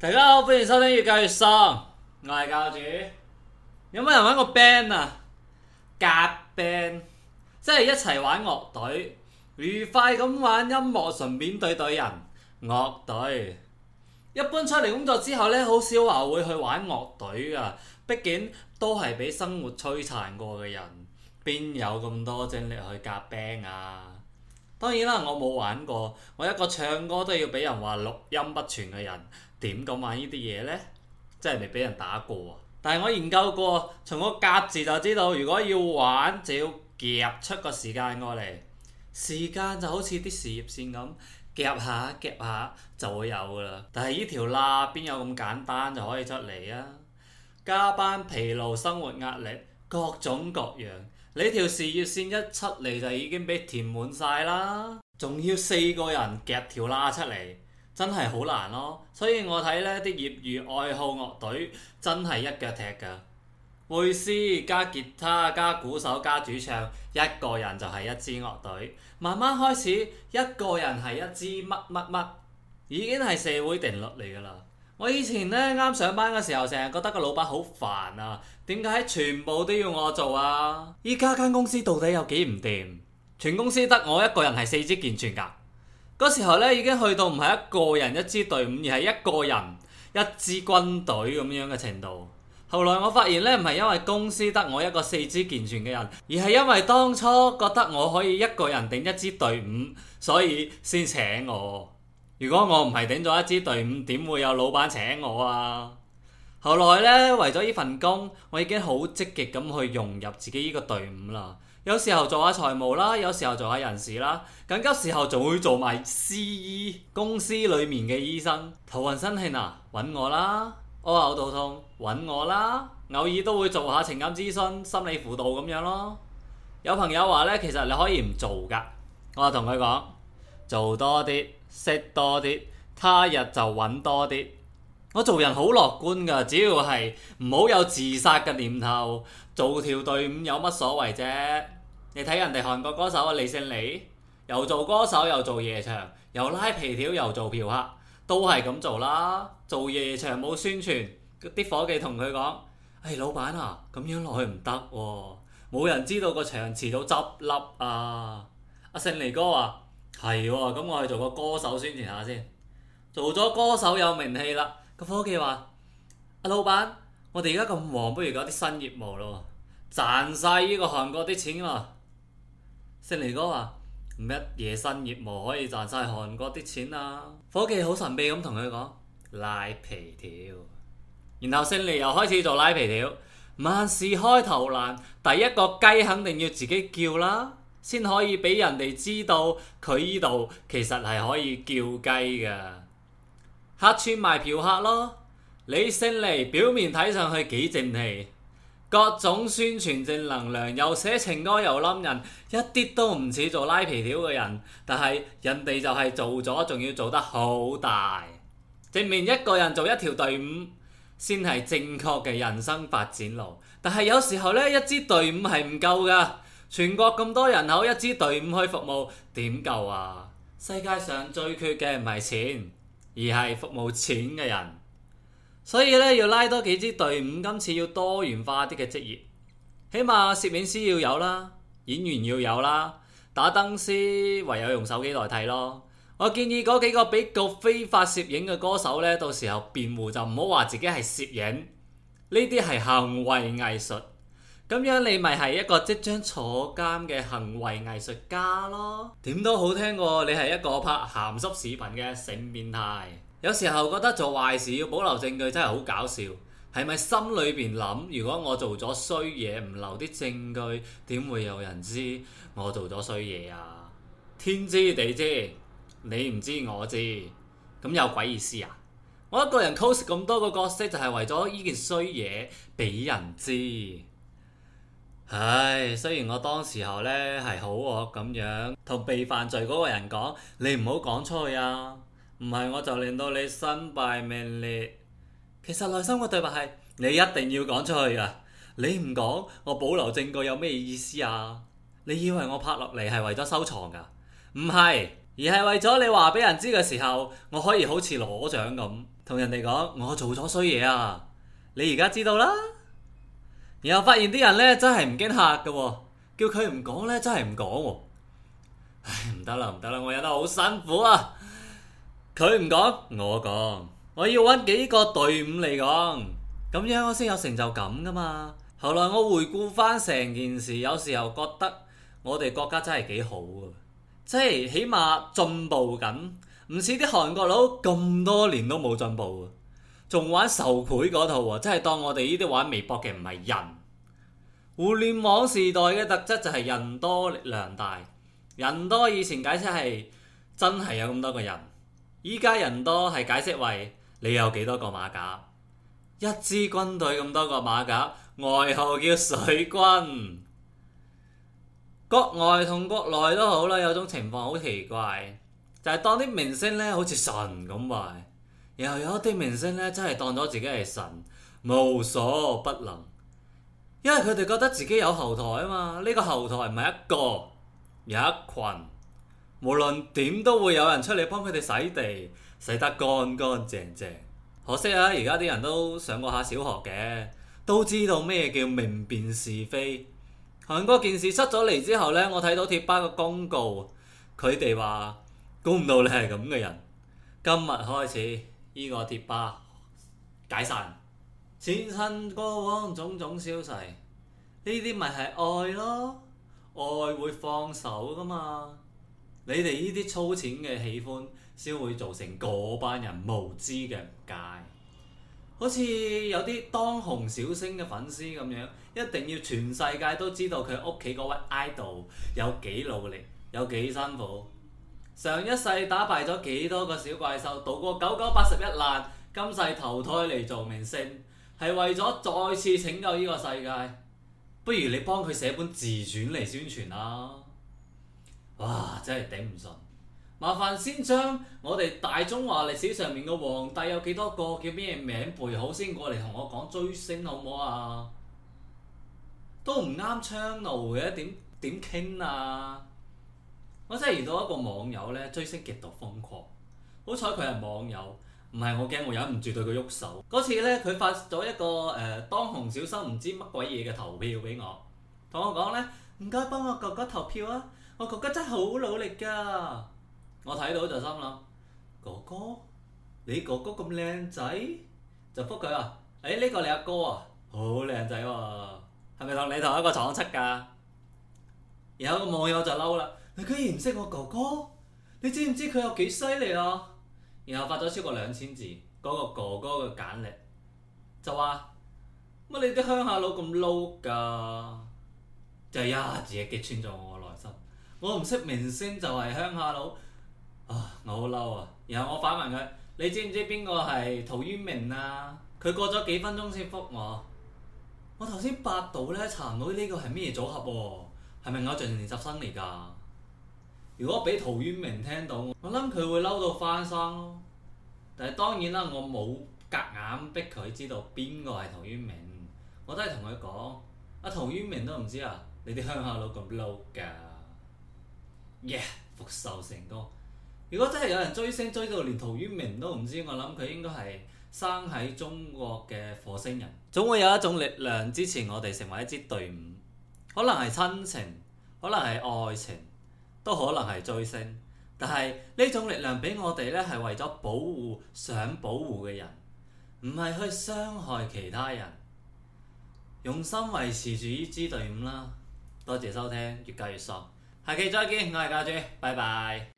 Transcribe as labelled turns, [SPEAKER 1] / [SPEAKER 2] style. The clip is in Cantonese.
[SPEAKER 1] 大家好，歡迎收聽越教越爽。我係教主，有冇人玩過 band 啊？夾 band 即係一齊玩樂隊，愉快咁玩音樂，順便對對人樂隊。一般出嚟工作之後呢，好少話會去玩樂隊噶。畢竟都係俾生活摧殘過嘅人，邊有咁多精力去夾 band 啊？當然啦，我冇玩過，我一個唱歌都要俾人話六音不全嘅人。點咁玩呢啲嘢呢？真係未俾人打過啊！但係我研究過，從個夾字就知道，如果要玩就要夾出個時間過嚟。時間就好似啲事業線咁，夾下夾下，夾下就會有噶啦。但係呢條罅邊有咁簡單就可以出嚟啊？加班、疲勞、生活壓力，各種各樣，你條事業線一出嚟就已經俾填滿晒啦，仲要四個人夾條罅出嚟。真係好難咯，所以我睇呢啲業餘愛好樂隊真係一腳踢㗎，貝斯加吉他加鼓手加主唱，一個人就係一支樂隊。慢慢開始，一個人係一支乜乜乜，已經係社會定律嚟㗎啦。我以前呢，啱上班嘅時候，成日覺得個老闆好煩啊，點解全部都要我做啊？依家間公司到底有幾唔掂？全公司得我一個人係四肢健全㗎。嗰時候咧已經去到唔係一個人一支隊伍，而係一個人一支軍隊咁樣嘅程度。後來我發現咧，唔係因為公司得我一個四肢健全嘅人，而係因為當初覺得我可以一個人頂一支隊伍，所以先請我。如果我唔係頂咗一支隊伍，點會有老闆請我啊？後來咧，為咗呢份工，我已經好積極咁去融入自己呢個隊伍啦。有時候做下財務啦，有時候做下人事啦，緊急時候仲會做埋 C.E. 公司裏面嘅醫生。頭暈身㷫啊，揾我啦！屙嘔肚痛揾我啦！偶爾都會做下情感諮詢、心理輔導咁樣咯。有朋友話呢，其實你可以唔做噶，我同佢講，做多啲，識多啲，他日就揾多啲。我做人好樂觀噶，只要係唔好有自殺嘅念頭，做條隊伍有乜所謂啫？你睇人哋韓國歌手啊，李勝利又做歌手又做夜場，又拉皮條又做嫖客，都係咁做啦。做夜場冇宣傳，啲伙計同佢講：唉、哎，老闆啊，咁樣落去唔得喎，冇人知道個場遲早執笠啊！阿勝利哥話：係喎、啊，咁我去做個歌手宣傳下先。做咗歌手有名氣啦，個伙計話：阿、啊、老闆，我哋而家咁忙，不如搞啲新業務咯，賺晒呢個韓國啲錢喎。勝利哥話：乜嘢新業務可以賺晒韓國啲錢啊？伙計好神秘咁同佢講：拉皮條。然後勝利又開始做拉皮條。萬事開頭難，第一個雞肯定要自己叫啦，先可以俾人哋知道佢依度其實係可以叫雞嘅。客串賣嫖客咯，你勝利表面睇上去幾正氣。各種宣傳正能量，又寫情歌又冧人，一啲都唔似做拉皮條嘅人。但係人哋就係做咗，仲要做得好大。正面一個人做一條隊伍，先係正確嘅人生發展路。但係有時候呢，一支隊伍係唔夠㗎。全國咁多人口，一支隊伍去服務點夠啊？世界上最缺嘅唔係錢，而係服務錢嘅人。所以咧要拉多幾支隊伍，今次要多元化啲嘅職業，起碼攝影師要有啦，演員要有啦，打燈師唯有用手機代替咯。我建議嗰幾個比較非法攝影嘅歌手呢，到時候辯護就唔好話自己係攝影，呢啲係行為藝術，咁樣你咪係一個即將坐監嘅行為藝術家咯。點都好聽過你係一個拍咸濕視頻嘅性變態。有時候覺得做壞事要保留證據真係好搞笑，係咪心裏邊諗？如果我做咗衰嘢，唔留啲證據，點會有人知我做咗衰嘢啊？天知地知，你唔知我知，咁有鬼意思啊！我一個人 cos 咁多個角色，就係為咗呢件衰嘢俾人知。唉，雖然我當時候呢係好惡咁樣，同被犯罪嗰個人講：你唔好講出去啊！唔係，我就令到你身敗名裂。其實內心個對話係：你一定要講出去啊！你唔講，我保留證據有咩意思啊？你以為我拍落嚟係為咗收藏噶？唔係，而係為咗你話俾人知嘅時候，我可以好似攞獎咁，同人哋講我做咗衰嘢啊！你而家知道啦。然後發現啲人呢，真係唔驚吓噶，叫佢唔講呢，真係唔講。唉，唔得啦，唔得啦，我忍得好辛苦啊！佢唔講，我講。我要揾幾個隊伍嚟講，咁樣我先有成就感噶嘛。後來我回顧翻成件事，有時候覺得我哋國家真係幾好嘅，即係起碼進步緊，唔似啲韓國佬咁多年都冇進步，仲玩仇賄嗰套啊！即係當我哋呢啲玩微博嘅唔係人，互聯網時代嘅特質就係人多力量大，人多以前解釋係真係有咁多個人。依家人多係解釋為你有幾多個馬甲，一支軍隊咁多個馬甲，外號叫水軍。國外同國內都好啦，有種情況好奇怪，就係當啲明星咧好似神咁嘅，然後有一啲明星咧真係當咗自己係神，無所不能，因為佢哋覺得自己有後台啊嘛，呢個後台唔係一個，有一群。無論點都會有人出嚟幫佢哋洗地，洗得乾乾淨淨。可惜啊，而家啲人都上過下小學嘅，都知道咩叫明辨是非。響嗰件事出咗嚟之後呢，我睇到貼吧嘅公告，佢哋話：估唔到你係咁嘅人。今日開始，呢個貼吧解散，前塵過往種種消逝，呢啲咪係愛咯？愛會放手噶嘛？你哋呢啲粗淺嘅喜歡，先會造成嗰班人無知嘅誤解。好似有啲當紅小星嘅粉絲咁樣，一定要全世界都知道佢屋企嗰位 idol 有幾努力，有幾辛苦。上一世打敗咗幾多個小怪獸，度過九九八十一難，今世投胎嚟做明星，係為咗再次拯救呢個世界。不如你幫佢寫本自傳嚟宣傳啦。哇！真係頂唔順，麻煩先將我哋大中華歷史上面嘅皇帝有幾多個叫咩名背好先過嚟同我講追星好唔好啊？都唔啱 channel 嘅，點點傾啊？我真係遇到一個網友呢，追星極度瘋狂。好彩佢係網友，唔係我驚我忍唔住對佢喐手。嗰次呢，佢發咗一個誒、呃、當紅小生唔知乜鬼嘢嘅投票俾我，同我講呢，唔該幫我哥哥投票啊！我哥哥真係好努力㗎，我睇到就心諗哥哥，你哥哥咁靚仔，就覆佢啊。哎」誒、這、呢個你阿哥，哥啊，好靚仔喎，係咪同你同一個廠出㗎？有個網友就嬲啦，你居然唔識我哥哥，你知唔知佢有幾犀利啊？然後發咗超過兩千字嗰、那個哥哥嘅簡歷，就話乜你啲鄉下佬咁 low 㗎，就一下子，係擊穿咗我。我唔識明星就係、是、鄉下佬啊！我好嬲啊！然後我反問佢：你知唔知邊個係陶淵明啊？佢過咗幾分鐘先覆我。我頭先百度咧查唔到呢個係咩組合喎、啊？係咪偶像練習生嚟㗎？如果俾陶淵明聽到，我諗佢會嬲到翻生咯、啊。但係當然啦，我冇夾硬逼佢知道邊個係陶淵明。我都係同佢講：阿、啊、陶淵明都唔知啊！你啲鄉下佬咁嬲㗎！耶，e 復仇成功！如果真係有人追星追到連陶淵明都唔知，我諗佢應該係生喺中國嘅火星人。總會有一種力量支持我哋成為一支隊伍，可能係親情，可能係愛情，都可能係追星。但係呢種力量俾我哋咧，係為咗保護想保護嘅人，唔係去傷害其他人。用心維持住呢支隊伍啦！多謝收聽，越加越爽。下期再見，我係家姐，拜拜。